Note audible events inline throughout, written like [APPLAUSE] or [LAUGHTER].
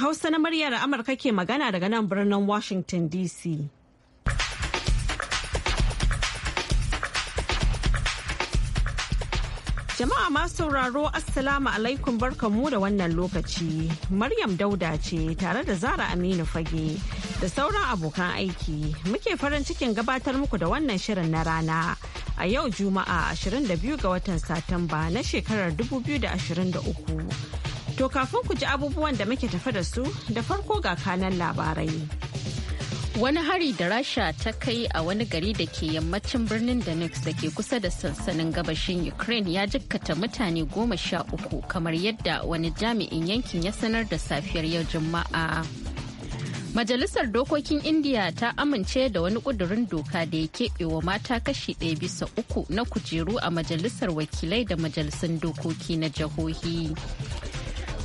Hausa na muryar Amurka ke magana daga nan birnin Washington DC. Jama'a masu sauraro Assalamu alaikum barkanmu da wannan lokaci. Maryam Dauda ce tare da Zara Aminu Fage da sauran abokan aiki muke farin cikin gabatar muku da wannan shirin na rana a yau Juma'a 22 ga watan Satumba na shekarar 2023. To kafin ku ji abubuwan da muke tafa da su da farko ga kanan labarai. Wani hari da Rasha ta kai a wani gari da ke yammacin birnin Donetsk da ke kusa da sansanin gabashin Ukraine ya jikkata mutane goma sha uku kamar yadda wani jami'in yankin ya sanar da safiyar yau Juma'a. Majalisar Dokokin Indiya ta amince da wani ƙudurin doka da ya keɓe wa mata kashi ɗaya bisa uku na kujeru a Majalisar Wakilai da Majalisun Dokoki na Jihohi.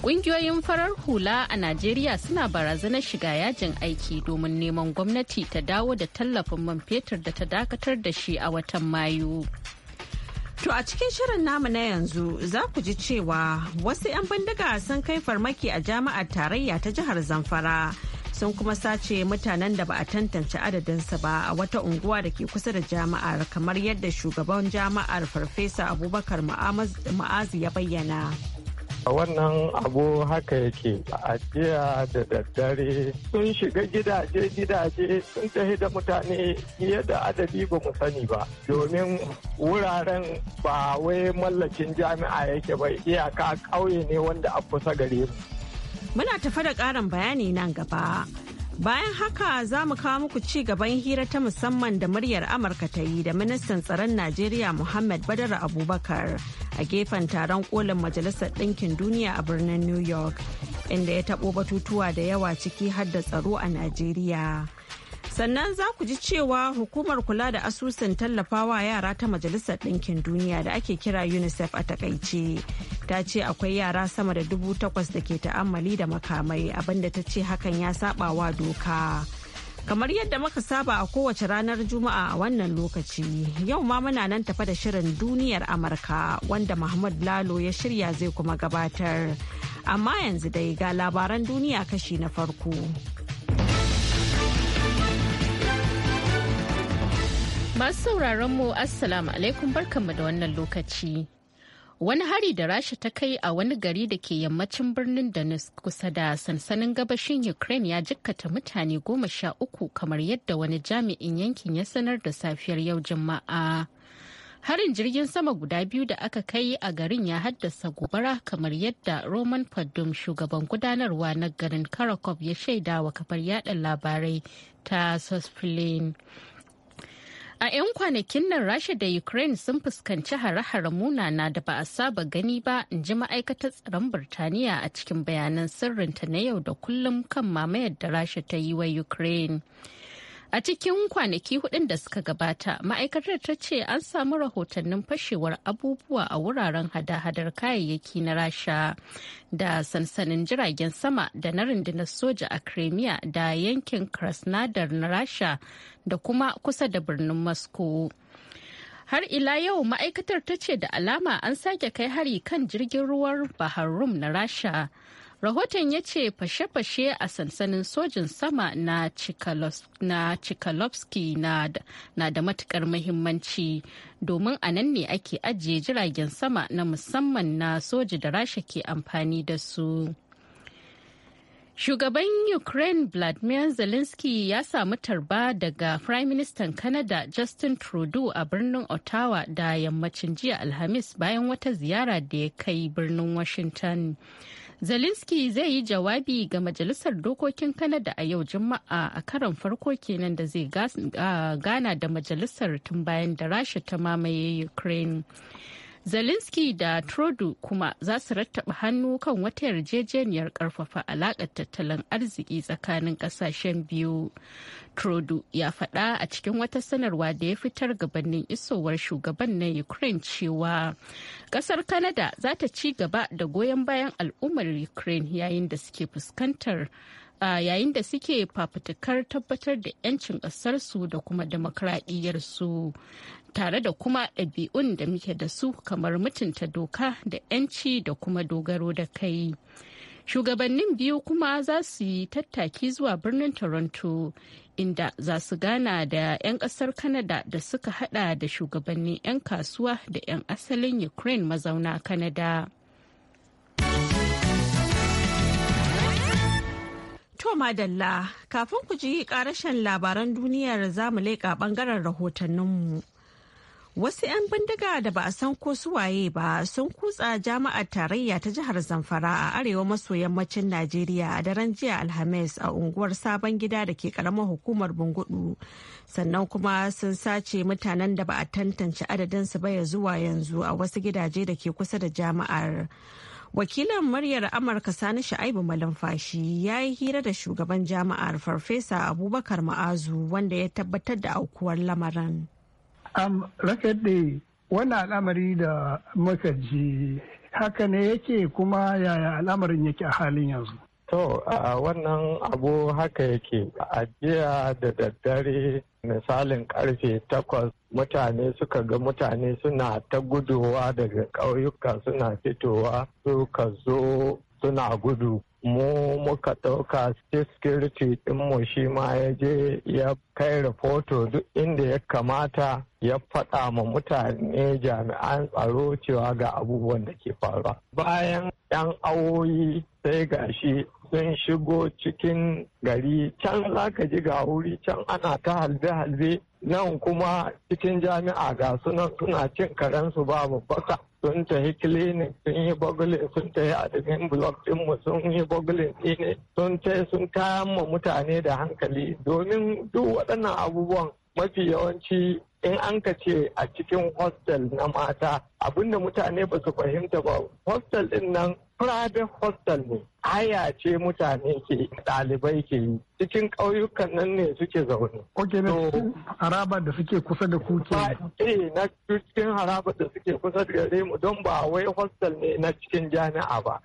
Ƙungiyoyin farar hula a Najeriya suna barazanar shiga yajin aiki domin neman gwamnati ta dawo da tallafin man fetur da ta dakatar da shi a watan Mayu. To a cikin shirin namu na yanzu za ku ji cewa wasu 'yan bindiga sun kai farmaki a jama'ar tarayya ta jihar Zamfara sun kuma sace mutanen da ba a tantance adadinsu ba a wata unguwa da ke kusa da jami'ar kamar yadda shugaban jama'ar farfesa abubakar ma'azi ya bayyana. wannan abu haka yake a jiya da daddare sun shiga gidaje gidaje sun tafi da mutane fiye da adadi ba mu sani ba domin wuraren ba wai mallakin jami'a yake ba iyaka ƙauye ne wanda a kusa gare mu muna tafa da ƙarin bayani nan gaba Bayan haka za mu kawo muku ci gaban hira ta musamman da muryar Amurka ta yi da ministan tsaron Najeriya Muhammad Badar Abubakar a gefen taron kolin Majalisar Ɗinkin Duniya a birnin New York, inda ya taɓo batutuwa da yawa ciki har da tsaro a Najeriya. sannan za ku ji cewa hukumar kula da asusun tallafawa yara ta majalisar ɗinkin duniya da ake kira unicef a takaice ta ce akwai yara sama da dubu takwas da ke ta'ammali da makamai abinda ta ce hakan ya saba wa doka kamar yadda muka saba a kowace ranar juma'a a wannan lokaci yau ma muna nan tafa da shirin duniyar amurka wanda mahmud lalo ya shirya zai kuma gabatar amma yanzu dai ga labaran duniya kashi na farko. Masu sauraron mu Assalamu alaikum barkanmu da wannan lokaci. Wani hari da Rasha ta kai a wani gari da ke yammacin birnin Danis kusa da sansanin gabashin Ukraine ya jikkata mutane goma sha uku kamar yadda wani jami'in yankin ya sanar da safiyar yau Juma'a. Harin jirgin sama guda biyu da aka kai a garin ya haddasa gobara kamar yadda Roman Fadum shugaban gudanarwa na garin Karakov ya shaidawa kafar yada labarai ta Sospilin. A 'yan kwanakin nan Rasha da Ukraine sun fuskanci hare-hare munana da ba a saba gani ba in ji ma'aikatar tsaron Birtaniya a cikin bayanan sirrinta na yau da kullum kan mamayar da Rasha ta yi wa Ukraine. A cikin kwanaki hudun da suka gabata, ma'aikatar ta ce an samu rahotannin fashewar abubuwa a wuraren hada-hadar kayayyaki na Rasha da sansanin jiragen sama da na rundunar soja a Crimea da yankin Krasnodar na Rasha da kuma kusa da birnin Moscow. har ila yau ma'aikatar ta ce da alama an sake kai hari kan jirgin ruwan bahar rum na rasha Rahoton ya ce fashe-fashe a sansanin sojin sama na Chikalovsky na da matukar muhimmanci domin a nan ne ake ajiye jiragen sama na musamman na soji da rasha ke amfani da su. Shugaban Ukraine Vladimir Zelensky ya samu tarba daga Prime Minister Canada Justin Trudeau a birnin Ottawa da yammacin jiya Alhamis bayan wata ziyara da ya kai birnin Washington. Zelensky zai yi jawabi ga Majalisar Dokokin Kanada a yau Juma'a a karon farko kenan da zai ah, gana da Majalisar tun bayan da Rasha ta mamaye Ukraine. Zelensky da Trudeau kuma za su rattaba hannu kan wata yarjejeniyar karfafa alaƙar tattalin arziki tsakanin kasashen biyu. Trudeau ya faɗa a cikin wata sanarwa da ya fitar gabanin isowar shugaban na Ukraine cewa ƙasar Canada za ta ci gaba da goyon bayan al'ummar Ukraine yayin da suke fuskantar a yayin da suke fafutukar tabbatar da 'yancin ƙasarsu da kuma demokradiyyarsu tare da kuma ɗabi'un da muke da su kamar mutunta doka da 'yanci da kuma dogaro da kai. Shugabannin biyu kuma za su yi tattaki zuwa birnin Toronto inda za su gana da 'yan ƙasar Canada da suka hada da shugabannin 'yan kasuwa da 'yan asalin Ukraine mazauna Canada. To madalla kafin ku ji karashen labaran duniyar zamu leƙa bangaren rahotanninmu. Wasu 'yan bindiga da ba a san ko suwaye ba sun kutsa jama'ar tarayya ta jihar Zamfara a arewa maso yammacin Najeriya a daren jiya Alhamis a unguwar sabon gida da ke karamar hukumar Bungudu. Sannan kuma sun sace mutanen da ba a tantance adadinsu ba ya zuwa yanzu a wasu gidaje da ke kusa da jama'ar. Wakilin muryar Amurka Sani Sha'ibu Malumfashi ya yi hira da shugaban jami'ar Farfesa Abubakar Ma'azu wanda ya tabbatar da aukuwar lamarin. Am rakadde wani al'amari da muka ji haka ne yake kuma yaya al'amarin yake a halin yanzu. To, a wannan abu haka yake a jiya da daddare misalin karfe takwas mutane suka ga mutane suna ta guduwa daga ƙauyuka suna fitowa suka zo suna gudu. Mu muka ɗauka security ɗinmu shi ma ya je ya kai rahoto duk inda ya kamata ya faɗa ma mutane jami'an tsaro cewa ga abubuwan da ke faruwa. Bayan 'yan awoyi sai gashi sun shigo cikin gari can za ka ji ga wuri can ana ta halbe-halbe nan kuma cikin jami'a ga sunan suna cin karensu ba babbaka sun tafi clinic sun yi bugulin sun tafi admin block ɗinmu sun yi bugulin ne sun tai sun kayan ma mutane da hankali domin duk waɗannan abubuwan mafi yawanci in an ka ce a cikin hostel na mata abinda mutane ba su fahimta ba hostel din nan private hostel ne haya ce mutane ke ɗalibai ke yi cikin ƙauyukan nan ne suke zaune. Ok, na cikin haraba da suke kusa da kuke, ba Eh, na cikin haraba da suke kusa da gare mu don ba wai hostel ne na cikin jami'a ba.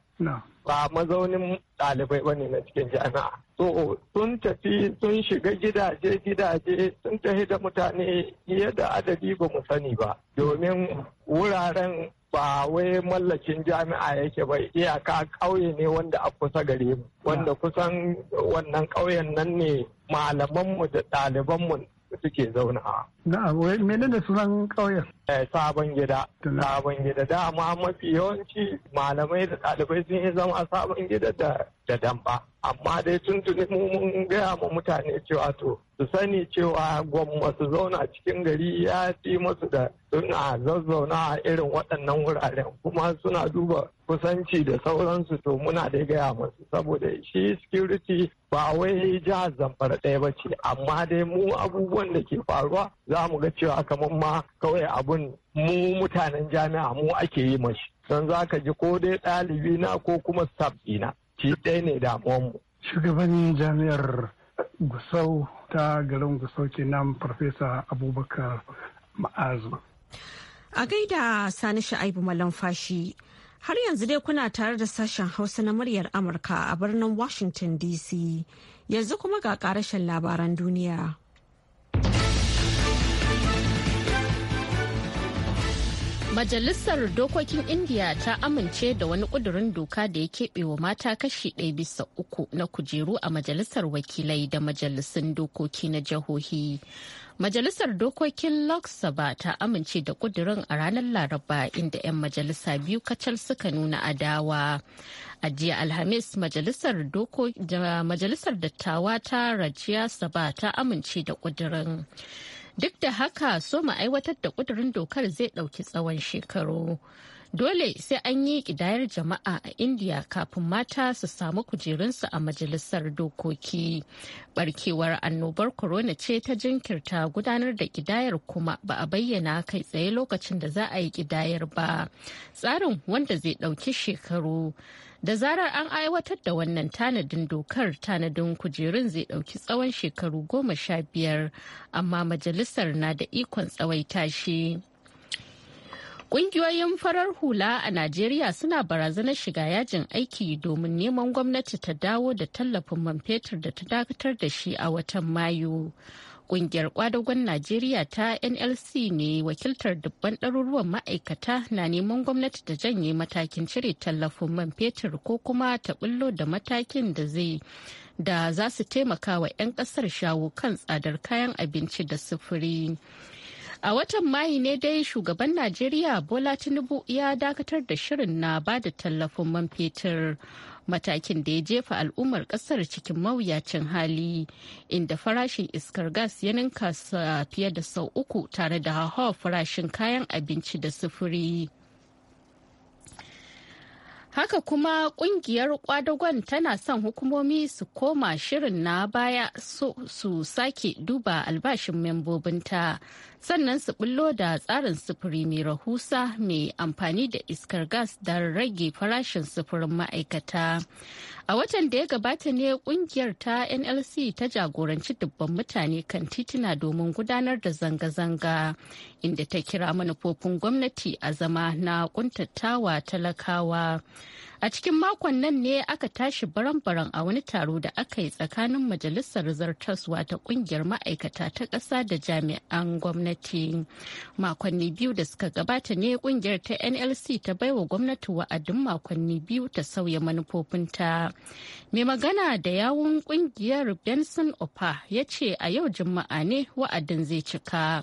Ba mazaunin ɗalibai ba ne na cikin jami'a. To, sun tafi sun shiga gidaje gidaje sun tafi da mutane fiye da adadi ba mu sani ba. Domin wuraren ba wai mallakin jami'a yake ba iyaka ƙauye ne wanda a kusa gare mu wanda kusan wannan ƙauyen nan ne malamanmu da ɗalibanmu suke zaunawa Na'am, menene sunan ƙauyen? Eh, sabon gida. Sabon gida da amma mafi yawanci malamai da ɗalibai sun yi zama a sabon gida da da damba. Amma dai tun tuni mun gaya ma mutane cewa to su sani cewa gwamma su zauna cikin gari ya fi masu da suna zazzauna a irin waɗannan wuraren kuma suna duba kusanci da sauransu to muna da gaya masu saboda shi security ba wai jihar zamfara ɗaya ba ce amma dai mu abubuwan da ke faruwa za mu ga cewa kamar ma kawai abun mu mutanen jami'a mu ake yi mashi don za ka ji ko dai ɗalibi na ko kuma staff ɗina shi ɗaya ne damuwanmu. shugaban jami'ar gusau ta garin gusau kenan farfesa abubakar ma'azu a gaida sani sha'ibu malamfashi har yanzu dai kuna tare da sashen hausa na muryar amurka a birnin washington dc yanzu kuma ga karashen labaran duniya Majalisar Dokokin India ta amince da wani ƙudurin doka da ya keɓe wa mata kashi ɗaya bisa uku na kujeru a Majalisar Wakilai da Majalisun Dokoki na Jihohi. Majalisar Dokokin Lok Sabha ta amince da ƙudurin a ranar Laraba inda 'yan majalisa biyu kacal suka nuna adawa. A jiya Alhamis, Majalisar Dattawa ta Rajiya Sabha ta amince da ƙudurin. Duk da haka soma aiwatar da kudurin dokar zai dauki tsawon shekaru. Dole sai an yi kidayar jama'a a India kafin mata su samu kujerunsu a majalisar dokoki. Barkewar annobar corona ce ta jinkirta gudanar da kidayar kuma ba a bayyana kai tsaye lokacin da za a yi kidayar ba. Tsarin wanda zai dauki shekaru. da zarar an aiwatar da wannan tanadin dokar tanadin kujerun zai dauki tsawon shekaru goma sha biyar amma majalisar na da ikon tsawaita shi Ƙungiyoyin farar hula a Najeriya suna barazanar shiga yajin aiki domin neman gwamnati ta dawo da tallafin man fetur da ta dakatar da shi a watan Mayu. Kungiyar kwadagon Najeriya ta NLC ne wakiltar dubban ɗaruruwan ma'aikata na neman gwamnati ta janye matakin cire tallafin man fetur ko kuma ta bullo da matakin da zai da za su taimaka wa 'yan ƙasar shawo kan tsadar kayan abinci da sufuri. A watan Mayu ne dai shugaban Najeriya Bola Tinubu ya dakatar da shirin na ba da tallafin man fetur. Matakin da ya jefa al'ummar kasar cikin mawuyacin hali inda farashin iskar gas ya ninka fiye da sau uku tare da hawa farashin kayan abinci da sufuri. Haka kuma kungiyar kwadagon tana son hukumomi su koma shirin na baya su sake duba albashin membobinta sannan su bullo da tsarin sufuri mai rahusa mai amfani da iskar gas don rage farashin sufurin ma'aikata a watan da ya gabata ne kungiyar ta nlc ta jagoranci dubban mutane kan tituna domin gudanar da zanga-zanga inda ta kira manufofin gwamnati a zama na ƙuntatawa talakawa A cikin makon nan ne aka tashi baran-baran a wani taro da aka yi tsakanin majalisar zartaswa ta kungiyar ma'aikata ta ƙasa da jami'an gwamnati. Makonni biyu da suka gabata ne kungiyar ta NLC ta baiwa gwamnati wa'adin makonni biyu ta sauya manufofinta. Mai magana da yawun kungiyar Benson Opa ya ce a yau Juma'a ne wa'adin zai cika.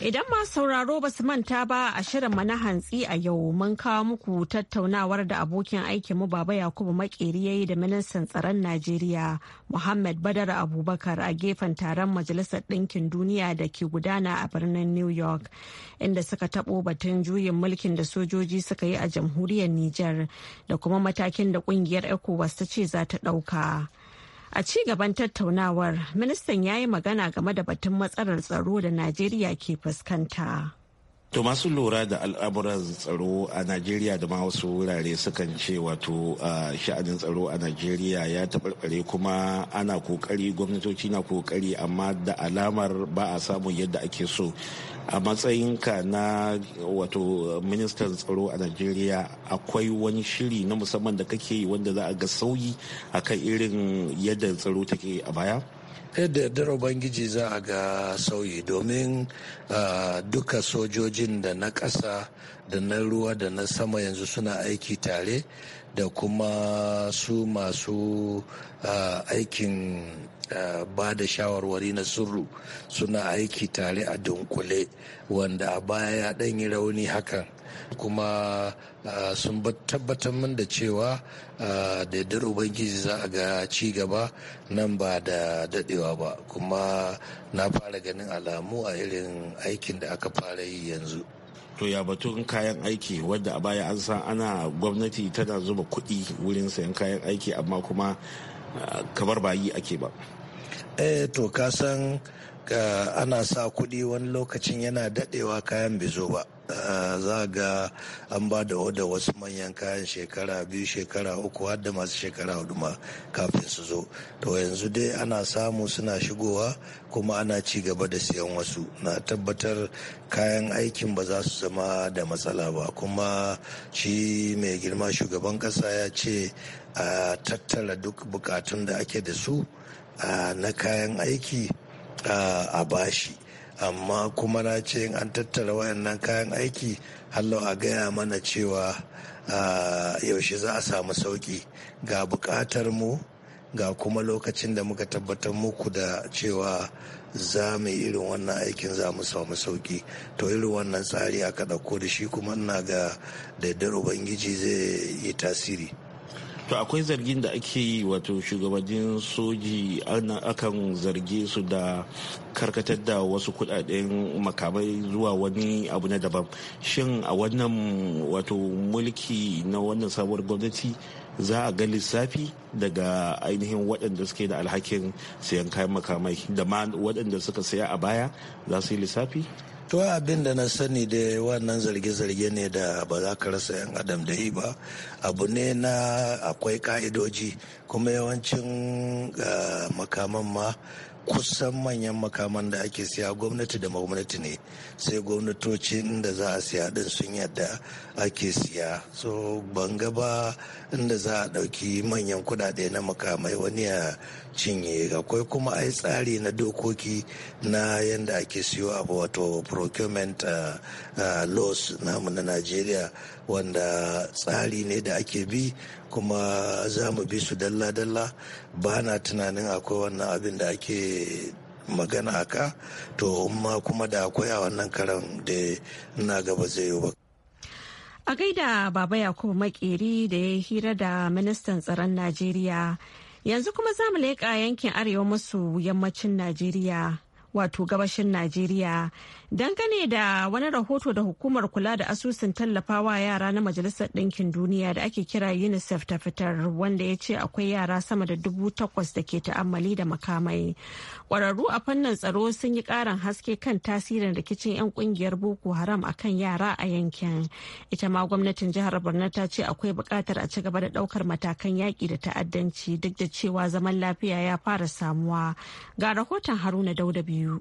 Idan ma sauraro ba su manta ba a shirin na hantsi a yau mun kawo muku tattaunawar da abokin aikinmu Baba Yakubu Makeri ya da ministan tsaron Najeriya Muhammad Badar Abubakar a gefen taron Majalisar Ɗinkin Duniya da ke gudana a birnin New York inda suka taɓo batun juyin mulkin da sojoji suka yi a jamhuriyar Nijar da kuma matakin da ƙungiyar ECOWAS ta ce za ta ɗauka. A ci gaban tattaunawar, ministan ya yi magana game da batun matsalar tsaro da Najeriya ke fuskanta. To masu lura da al'amuran tsaro a Najeriya da ma wasu wurare sukan ce wato sha'anin tsaro a Najeriya ya taɓarɓare kuma ana kokari gwamnatoci na kokari amma da alamar ba a samun yadda ake so. A matsayinka na wato ministan tsaro a Najeriya akwai wani shiri na musamman da kake yi wanda za a ga sauyi akan irin yadda tsaro take a baya? yadda yardar ubangiji za a ga sauyi domin duka sojojin da na ƙasa da na ruwa da na sama yanzu suna aiki tare da kuma su masu aikin Eh, ba da shawarwari na sirru suna aiki tare a dunkule wanda a baya ya ɗan yi rauni hakan kuma eh, sun tabbatar min da cewa eh, da yardar ubangiji za a ga ci gaba nan ba da daɗewa ba kuma na fara ganin alamu a irin aikin da aka fara yi yanzu to ya batun kayan aiki wadda a baya an san ana gwamnati tana zuba kuɗi wurin sayan kayan aiki amma kuma kamar ba yi ake ba eh to ka san ana sa kuɗi wani lokacin yana daɗewa kayan bizo ba eh, za ga an ba da oda wasu manyan kayan shekara biyu shekara uku har masu shekara hudu ma kafin su zo to yanzu dai ana samu suna shigowa kuma ana ci gaba da siyan wasu na tabbatar kayan aikin ba za su zama da matsala ba kuma shi mai girma shugaban ƙasa ya ce a tattara duk bukatun da ake da su na kayan aiki a bashi amma kuma na ce in an tattara wayannan kayan aiki hallau a gaya mana cewa yaushe za a samu sauki ga buƙatar mu ga kuma lokacin da muka tabbatar muku da cewa za mu irin wannan aikin za mu samu sauki to irin wannan tsari aka ɗauko da shi kuma ina ga daidar ubangiji zai yi tasiri to akwai zargin da ake yi wato shugabannin soji akan zarge su da karkatar da wasu kudaden makamai zuwa wani abu na daban shin a wannan wato mulki na wannan sabuwar gwamnati za a ga lissafi daga ainihin waɗanda suke da alhakin sayan kayan makamai da ma waɗanda suka saya a baya za su yi lissafi to abin da na sani da wannan zarge-zarge ne da ba za ka rasa 'yan adam da yi ba abu ne na akwai ka'idoji kuma yawancin ah, makaman ma kusan manyan makaman da ake siya gwamnati da gwamnati ne sai gwamnatoci inda za a siya din sun yadda ake siya so ban ba inda za a ɗauki manyan kudade na makamai wani ya cinye akwai kuma ai tsari na dokoki na yadda ake siyo a wato procurement eh, eh, laws namu na najeriya wanda tsari ne da ake bi kuma za mu bi su dalla-dalla ba na tunanin akwai wannan abin da ake magana aka to umma kuma da akwai a wannan karan da na gaba zai yi ba. A gaida Baba Yakubu Makeri da ya hira da ministan tsaron Najeriya yanzu kuma za mu leƙa yankin arewa maso yammacin Najeriya wato gabashin Najeriya Dangane da wani rahoto da hukumar kula da asusun tallafawa yara na Majalisar Ɗinkin Duniya da ake kira UNICEF ta fitar wanda ya ce akwai yara sama da dubu takwas da ke ta'ammali da makamai. Ƙwararru a fannin tsaro sun yi ƙarin haske kan tasirin rikicin 'yan ƙungiyar Boko Haram a kan yara a yankin. Ita ma gwamnatin jihar Borno ta ce akwai buƙatar a ci gaba da ɗaukar matakan yaƙi da ta'addanci duk da cewa zaman lafiya ya fara samuwa. Ga rahoton Haruna Dauda biyu.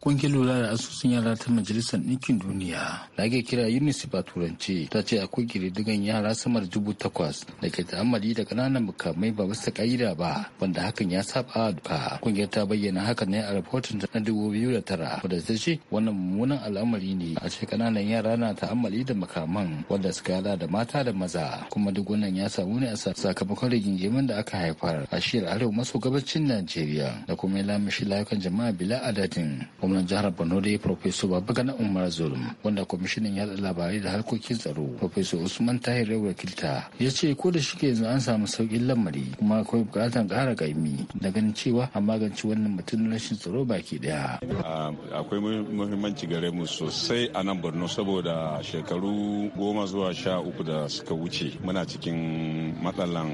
Kungiyar lura da asusun yara ta Majalisar Ɗinkin Duniya da ake kira UNICEF a Turanci ta ce akwai ƙididdigan yara sama da dubu takwas da ke ta'ammali da ƙananan mukamai ba bisa ƙa'ida ba wanda hakan ya saba a duka Kungiyar ta bayyana haka ne a rahoton na dubu biyu da tara wadda ta ce wannan mummunan al'amari ne a ce ƙananan yara na ta'ammali da makaman wanda suka hada da mata da maza kuma duk wannan ya samu ne a sakamakon rigingimin da aka haifar a shiyar arewa maso gabacin Najeriya da kuma ya lamashi layukan jama'a bila adadin. gwamnan jihar borno da professor babagana umar zulum wanda kwamishinan yada labarai da harkokin tsaro professor usman tahir wakilta ya ce ko da shike yanzu an samu saukin lamari kuma akwai bukatar kara gaimi da ganin cewa a magance wannan batun rashin tsaro baki daya ah, akwai muhimmanci gare mu sosai a nan borno saboda shekaru goma zuwa sha uku da suka wuce muna cikin matsalan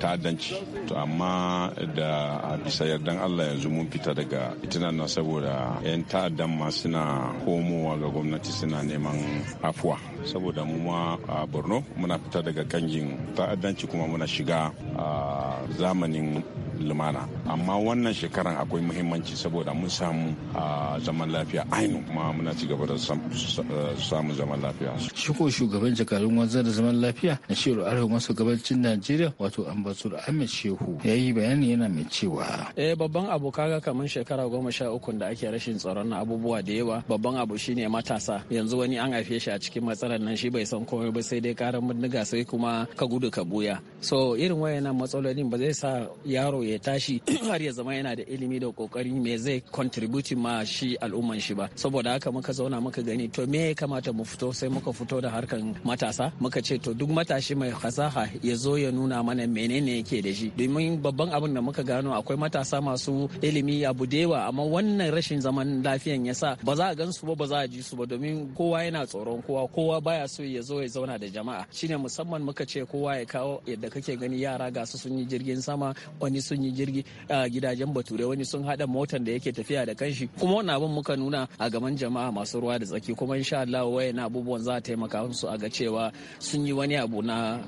ta'addanci to amma da bisa yardan allah yanzu mun fita daga itinan na saboda 'yan ta'addan ma suna komowa ga gwamnati suna neman afuwa saboda mu ma a borno muna fita daga kangin ta'addanci kuma muna shiga a zamanin lumana amma wannan shekaran akwai muhimmanci saboda mun samu zaman lafiya ainu kuma muna ci gaba da samun zaman lafiya shiko shugaban jakarun wanzar da zaman lafiya na shiru arewa masu gabancin najeriya wato ambasur ahmed shehu ya yi bayani yana mai cewa eh babban abu kaga kamar shekara goma sha uku da ake rashin tsaron na abubuwa da yawa babban abu shine matasa yanzu wani an haife shi a cikin matsalar nan shi bai san komai ba sai dai karan bindiga sai kuma ka gudu ka buya so irin wayannan matsalolin ba zai sa yaro ya ya tashi [CLEARS THROAT] har ya zama yana da ilimi da kokari me zai contribute ma shi al'umman shi ba saboda haka muka zauna muka gani to me ya kamata mu fito sai muka fito da harkan matasa muka ce to duk matashi mai fasaha ya zo ya nuna mana menene yake da shi domin babban abin da muka gano akwai matasa masu ilimi abu da amma wannan rashin zaman lafiyan ya sa ba za a gan su ba ba za a ji su ba domin kowa yana tsoron kowa kowa baya so ya zo ya zauna da jama'a shine musamman muka ce kowa ya kawo yadda kake gani yara ga su sun yi jirgin sama wani sun an yi jirgi gidajen bature wani sun hada motan da yake tafiya da kanshi kuma wannan abin muka nuna a gaban jama'a masu ruwa da tsaki kuma insha Allah wayan abubuwan za a taimaka musu a ga cewa sun yi wani abu na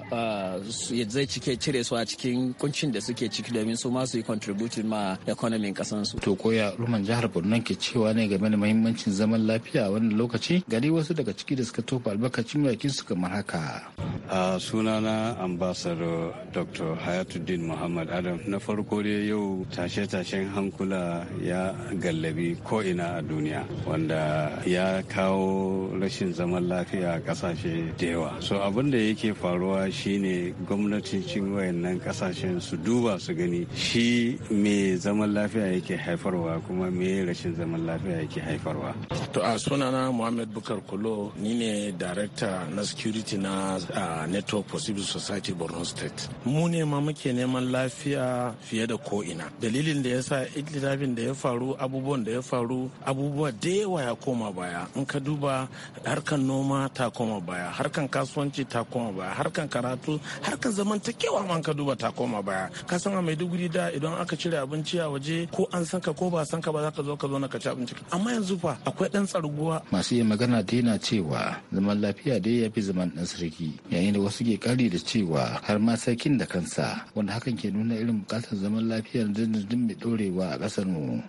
zai cike cire su a cikin kuncin da suke ciki domin su ma su yi contributing ma economy kasan su to koya ruman jihar Borno ke cewa ne game da muhimmancin zaman lafiya a wannan lokaci gari wasu daga ciki da suka tofa albarkacin yakin su kamar haka a sunana ambassador dr hayatuddin muhammad adam na farko dai yau tashe-tashen hankula ya gallabi ko'ina a duniya wanda ya kawo rashin zaman lafiya a kasashe da yawa so abin da yake faruwa shine gwamnatin cin wayannan kasashen su duba su gani shi me zaman lafiya yake haifarwa kuma me rashin zaman lafiya yake haifarwa to a sunana muhammad bukar kulo ni ne director na security na ah, network for civil society borno state mu ne ma muke neman lafiya fiye da ko'ina dalilin da ya sa littafin da ya faru abubuwan da ya faru abubuwa da yawa ya koma baya in ka duba harkan noma ta koma baya harkan kasuwanci ta koma baya harkan karatu harkan zamantakewa man ka duba ta koma baya ka san a maiduguri da idan aka cire abinci a waje ko an san ka ko ba san ka ba za ka zo ka zo na ka ci abinci amma yanzu fa akwai dan tsarguwa masu yin magana da yana cewa zaman lafiya da ya fi zaman dan sarki yayin da wasu ke kari da cewa har ma sarkin da kansa wanda hakan ke nuna irin bukatar zaman lafiyar dindindin mai ɗorewa a kasar mu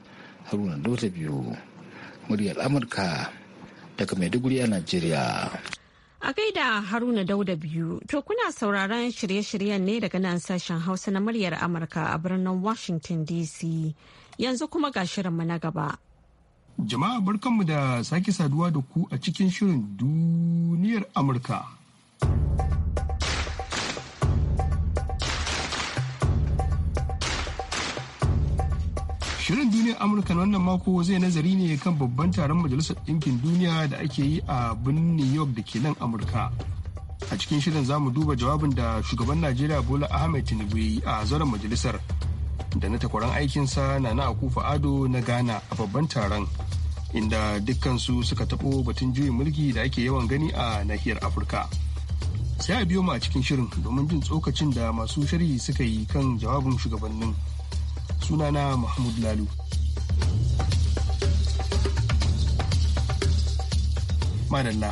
haruna dota biyu muryar amurka daga maiduguri a najeriya a gaida haruna dauda biyu to kuna sauraron shirye-shiryen ne daga nan sashen hausa na muryar amurka a birnin washington dc yanzu kuma ga shirinmu na gaba jama'a barkanmu da sake saduwa da ku a cikin shirin duniyar amurka Shirin duniyar Amurka na wannan mako zai nazari ne kan babban taron Majalisar Ɗinkin Duniya da ake yi a birnin New York da ke nan Amurka. A cikin shirin za mu duba jawabin da shugaban Najeriya Bola Ahmed Tinubu yi a zaren majalisar da na takwaran aikinsa na na akufa ado na Ghana a babban taron inda dukkansu suka taɓo batun juyin mulki da ake yawan gani a nahiyar Afirka. Sai a biyo mu a cikin shirin domin jin tsokacin da masu shari'i suka yi kan jawabin shugabannin. sunana mahmud lalu madalla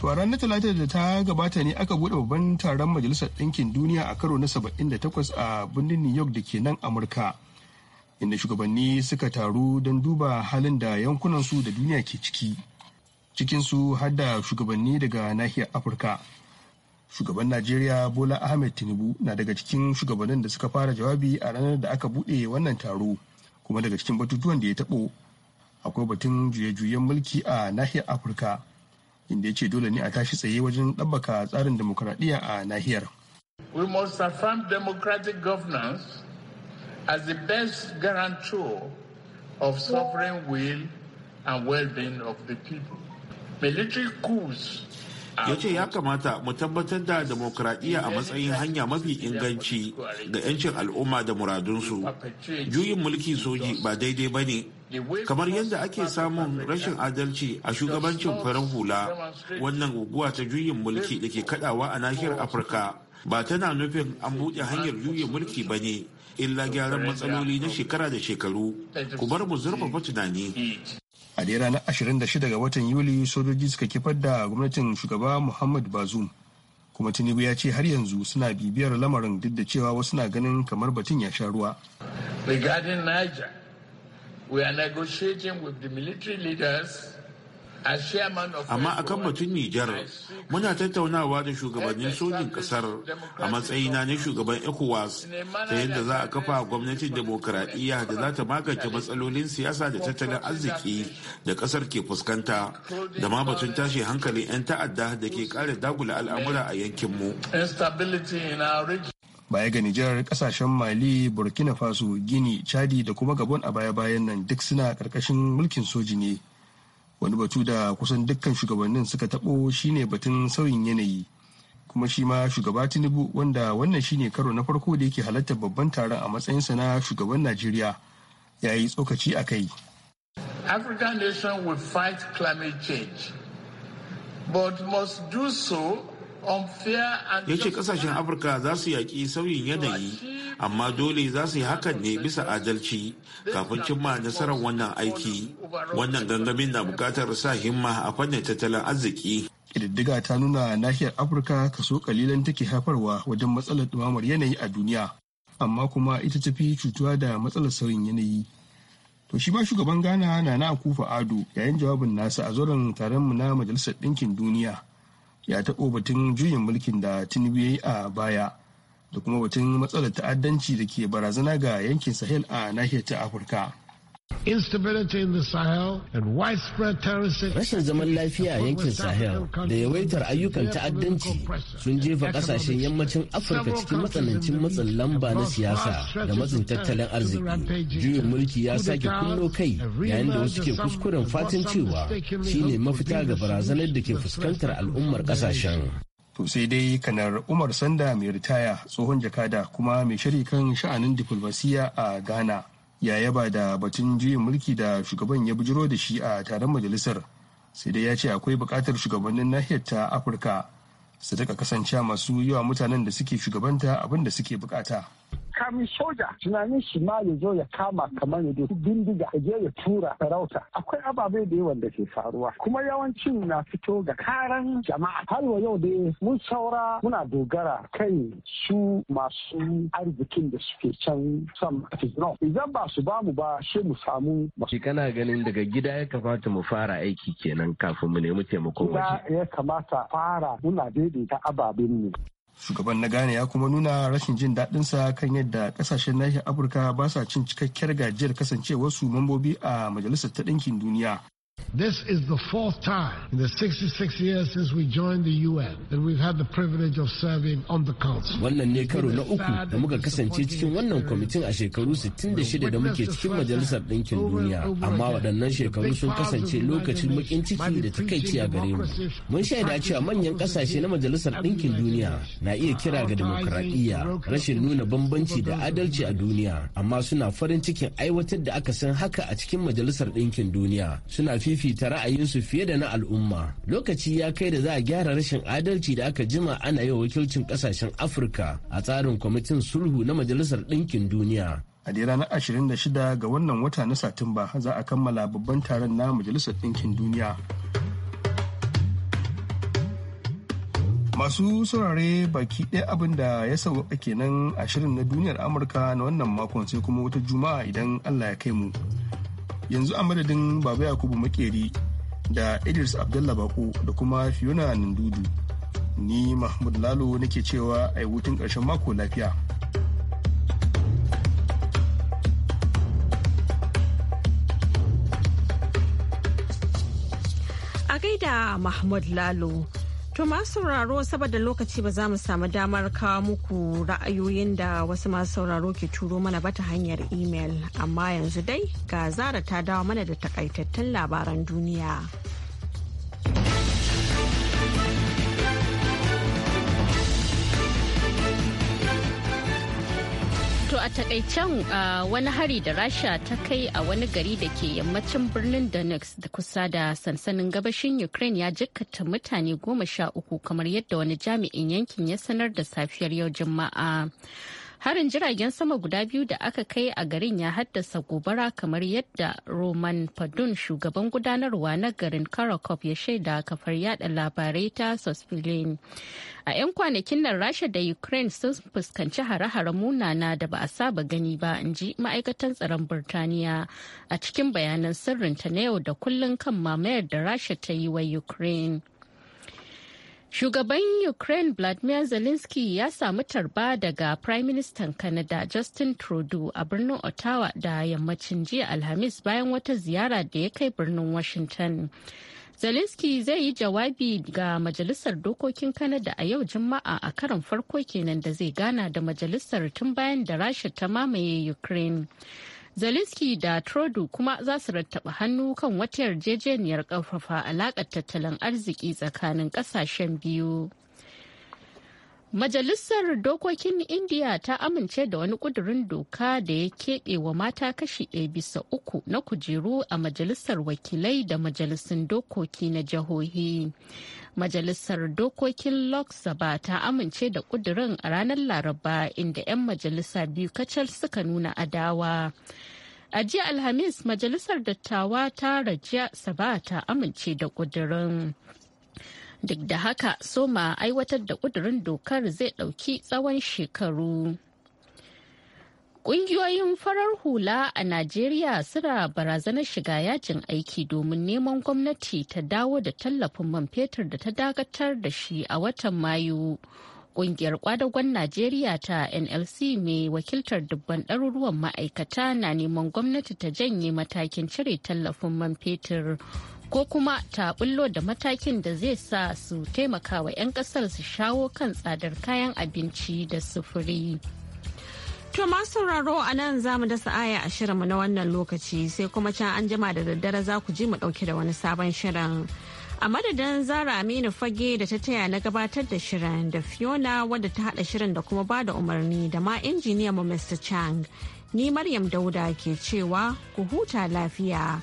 to a ranar talata da ta gabata ne aka bude babban taron majalisar ɗinkin duniya a karo na 78 a birnin new york da ke nan amurka inda shugabanni suka taru don duba halin da yankunansu da duniya ke ciki cikinsu har da shugabanni daga nahiyar afirka shugaban najeriya bola ahmed tinubu na daga cikin shugabannin da suka fara jawabi a ranar da aka buɗe wannan taro kuma daga cikin batutuwan da ya taɓo akwai batun juye-juyen mulki a nahiyar afirka inda ya ce dole ne a tashi tsaye wajen ɗabbaka tsarin demokuraɗiyya a nahiyar we must affirm democratic governance as the best guarantor of sovereign will and of the people military coups ya ce ya kamata mu tabbatar da demokradiyya a matsayin hanya mafi inganci ga 'yancin al'umma da muradunsu juyin mulki soji ba daidai ba ne kamar yadda ake samun rashin adalci a shugabancin farin hula wannan guguwa ta juyin mulki da ke kaɗawa a nahiyar afirka ba tana nufin an buɗe hanyar juyin mulki ba ne illa gyaran matsaloli na shekara da shekaru ku bar mu zurfafa tunani a dai ranar 26 ga watan yuli sojoji suka kifar da gwamnatin shugaba muhammad bazum kuma tinubu ya ce har yanzu suna bibiyar lamarin duk da cewa wasu na ganin kamar batun ya sha ruwa regarding niger we are negotiating with the military leaders Amma akan batun Nijar, muna tattaunawa da shugabannin sojin kasar a matsayina na shugaban ECOWAS ta yadda za a kafa gwamnatin demokuraɗiyya da za ta magance matsalolin siyasa da tattalin arziki da kasar ke fuskanta da ma batun tashi hankalin 'yan ta'adda da ke kare dagula al'amura a yankinmu. baya ga Nijar kasashen Mali, Burkina Faso, Gini, Chadi da kuma Gabon a baya-bayan nan duk suna ƙarƙashin mulkin soji ne. wani batu da kusan dukkan shugabannin suka taɓo shine batun sauyin yanayi kuma shi ma shugaba tinubu wanda wannan shine karo na farko da yake halartar babban taron a matsayinsa na shugaban najeriya ya yi tsokaci a kai african nation will fight climate change but must do so ya ce kasashen afirka za su yaƙi sauyin yanayi amma dole za su yi hakan ne bisa adalci kafin cimma nasarar wannan aiki wannan gangamin na bukatar sa himma a fannin tattalin arziki ƙididdiga ta nuna nahiyar afirka kaso kalilan take haifarwa wajen matsalar ɗumamar yanayi a duniya amma kuma ita tafi cutuwa da matsalar sauyin yanayi to shi ba shugaban ghana na na akufa ado yayin jawabin nasa a zoron taron mu na majalisar ɗinkin duniya ya taɓo batun juyin mulkin da tinubu ya yi a baya da kuma batun matsalar ta'addanci da ke barazana ga yankin sahel a nahiyar ta afirka Rashin zaman lafiya a yankin Sahel da yawaitar ayyukan ta'addanci sun jefa kasashen yammacin Afirka cikin matsanancin matsin lamba na siyasa da matsin tattalin arziki. Juyin mulki ya sake kunno kai yayin da wasu ke kuskuren fatan cewa shi ne mafita ga barazanar da ke fuskantar al'ummar kasashen. to sai dai kanar umar sanda mai ritaya tsohon jakada kuma mai shiri kan sha'anin diflomasiya a ghana ya yaba da batun juyin mulki da shugaban ya bujiro da shi a taron majalisar sai dai ya ce akwai bukatar shugabannin nahiyar ta afirka su daga kasance masu yawa mutanen da suke shugabanta abin da suke bukata. makamin soja tunanin shi ma ya zo ya kama kamar ya duk bindiga ya je ya tura sarauta akwai ababe da yawan da ke faruwa kuma yawancin na fito ga karan jama'a har wa yau dai mun saura muna dogara kai su masu arzikin da suke can sam no idan ba su bamu ba shi mu samu shi kana ganin daga gida ya kamata mu fara aiki kenan kafin mu nemi taimakon waje ya kamata fara muna daidaita ababen mu. shugaban na gane ya kuma nuna rashin jin daɗinsa kan yadda ƙasashen nahiyar afirka ba sa cin cikakkiyar gajiyar kasancewarsu mambobi a majalisar ta ɗinkin duniya This is the fourth time in the 66 years since we joined the UN that we've had the privilege of serving on the council. Wannan ne karo na uku da muka kasance cikin wannan kwamitin a shekaru 66 da muke cikin Majalisar Ɗinkin Duniya, amma waɗannan shekaru sun kasance lokacin bakin ciki da takaici a gare mu. Mun shaida cewa manyan ƙasashe na Majalisar Ɗinkin Duniya na iya kira ga demokradiyya, rashin nuna bambanci da adalci a duniya, amma suna farin cikin aiwatar da aka san haka a cikin Majalisar Ɗinkin Duniya. Suna fi fifita ra'ayinsu fiye da na al'umma lokaci ya kai da za a gyara rashin adalci da aka jima ana yi wa wakilcin kasashen afirka a tsarin kwamitin sulhu na majalisar ɗinkin duniya a da ranar 26 ga wannan wata na satumba za a kammala babban taron na majalisar ɗinkin duniya masu saurare baki ɗaya abin da ya sauka kenan a shirin na duniyar amurka na wannan makon sai kuma wata juma'a idan allah ya kai mu yanzu a madadin baba yakubu makeri da idris abdullah bako da kuma fiona nindudu ni mahmud lalo nake cewa a yi hutun ƙarshen mako lafiya a gaida mahmud lalo To masu sauraro saboda lokaci ba za mu samu damar kawo muku ra'ayoyin da wasu masu sauraro ke turo mana ba ta hanyar imel amma yanzu dai ga zara ta dawo mana da takaitattun labaran duniya. a takaicen wani hari da Rasha ta kai a wani gari da ke yammacin birnin Donetsk da kusa da sansanin gabashin Ukraine ya jikkata mutane goma sha uku kamar yadda wani jami'in yankin ya sanar da safiyar yau Juma'a. harin jiragen sama guda biyu da aka kai a garin ya haddasa gobara kamar yadda roman padun shugaban gudanarwa na garin karakop ya shaida kafar yada labarai ta sosfilin a 'yan kwanakin nan rasha da ukraine sun fuskanci hare-hare munana da ba a saba gani ba in ji ma'aikatan tsaron birtaniya a cikin bayanan sirrinta na yau da kullun kan mamayar da rasha ta yi wa ukraine Shugaban Ukraine Vladimir Zelensky ya samu tarba daga Prime Minister Canada Justin Trudeau a birnin Ottawa da yammacin jiya Alhamis bayan wata ziyara da ya kai birnin Washington. Zelensky zai yi jawabi ga Majalisar Dokokin Kanada a yau Juma'a a karon farko kenan da zai gana da Majalisar tun bayan da Rasha ta mamaye Ukraine. Zelensky da Trudeau kuma za su rattaba hannu kan wata yarjejeniyar ƙarfafa alaƙar tattalin arziki tsakanin ƙasashen biyu. Majalisar Dokokin Indiya ta amince da wani kudurin doka da ya keɓe wa mata kashi ɗaya bisa uku na kujeru a Majalisar Wakilai da Majalisun Dokoki na Jihohi. Majalisar Dokokin Lok Sabha ta amince da kudurin a ranar Laraba inda 'yan majalisa biyu kacal suka nuna adawa. A jiya Alhamis, Majalisar Dattawa ta Rajiya Sabha ta amince da kudurin. Duk da haka soma aiwatar da ƙudurin dokar zai ɗauki tsawon shekaru. Ƙungiyoyin farar hula a Najeriya suna barazanar shiga yajin aiki domin neman gwamnati ta dawo da tallafin man fetur da ta dakatar da shi a watan Mayu. Ƙungiyar kwadagon Najeriya ta NLC mai wakiltar dubban ɗaruruwan ma'aikata na neman gwamnati ta janye matakin cire tallafin man fetur ko kuma ta bullo da matakin da zai sa su taimaka wa 'yan kasar su shawo kan tsadar kayan abinci da sufuri. To masu sauraro a nan za mu dasa aya a shirinmu na wannan lokaci sai kuma can an jima da daddare za ku ji mu ɗauke da wani sabon shirin. A madadin Zara Aminu Fage da ta taya na gabatar da shirin da Fiona wadda ta hada shirin da kuma ba da umarni da ma injiniyan mu Mr. Chang. Ni Maryam Dauda ke cewa ku huta lafiya.